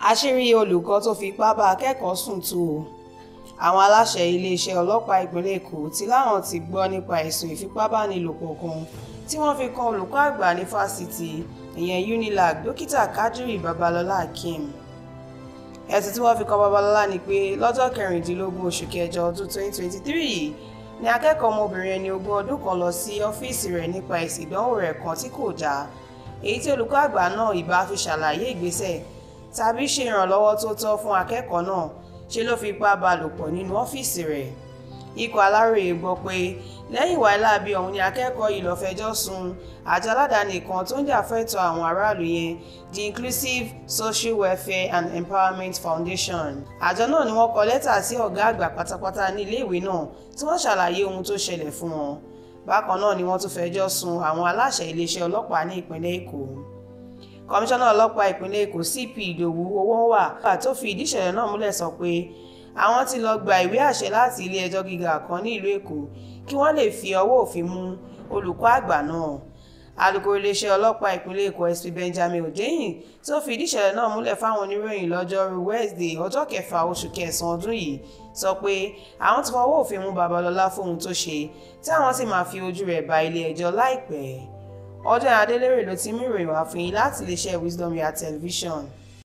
àṣírí olùkọ́ tó fipá bá akẹ́kọ̀ọ́ sùn tú o àwọn aláṣẹ iléeṣẹ́ ọlọ́pàá ìpínlẹ̀ èkó ti láwọn ti gbọ́ nípa ẹ̀sùn ìfipábánilòpọ̀ kan tí wọ́n fi kan olùkọ́ àgbà ní fásitì ìyẹn unilag dókítà kádírì babalọ́lá akeem ẹ̀sùn tí wọ́n fi kan babalọ́lá ni pé lọ́jọ́ kẹrìndínlógún oṣù kẹjọ ọdún 2023 ni akẹ́kọ̀ọ́ ọmọbìnrin ẹni ogún ọdún kan lọ sí ọ́fíìsì rẹ̀ nípa èsì ìdánwò rẹ̀ kan tí kò dáa èyí tí olùkọ́ àgbà náà ìbá fi ṣàlàyé ìgbésẹ̀ tàbí ṣe ìrànlọ́wọ́ tó tọ́ fún akẹ́kọ̀ọ́ náà ṣe ló fipá bá lò pọ̀ nínú ọ́fíìsì rẹ̀ ikọ̀ aláròye gbọ́ pé lẹ́yìn ìwà ìláàbí ọ̀hún ni akẹ́kọ̀ọ́ yìí lọ́ọ́ fẹjọ́ sun àjọ aládàáni kan tó ń jà fẹ́tọ̀ àwọn aráàlú yẹn the inclusive social welfare and empowerment foundation àjọ náà ni wọ́n kọ lẹ́tà sí ọ̀gá àgbà pátápátá ní iléèwé náà tí wọ́n ṣàlàyé ohun tó ṣẹlẹ̀ fún wọn bákan náà ni wọ́n tún fẹjọ́ sun àwọn aláṣẹ iléeṣẹ́ ọlọ́pàá ní ìpínlẹ̀ èkó kọmíṣánná ọlọ́pàá ìpínlẹ̀ èkó cp ìdòwú owówà tó fi ìdí ìṣẹ̀lẹ̀ náà múlẹ̀ sọ pé àwọn ti lọ gba ìwé àṣẹ láti ilé ẹjọ́ gíga kan ní ìlú èkó kí wọ́n lè fi ọwọ́ òfin mú olùkọ́ àgbà náà alukoro iléeṣẹ́ ọlọ́pàá ìpínlẹ̀ èkó sp benjamin hundeyin tó fi ìdí ìṣẹ̀lẹ̀ náà múlẹ̀ fáwọn oníròyìn lọ́jọ́rú wednesday ọjọ́ kẹfà oṣù kẹsàn-án ọdún yìí sọ pé àwọn ti fọwọ́ òfin mú babalọ́lá fóhun tó ṣe tí àwọn sì máa fi ojú rẹ̀ ba ilé ẹjọ́ láìpẹ́ Ọjọ́ Adélérè ló ti mú ìròyìn wá fún yín láti iléeṣẹ́ Wisdom Yard television.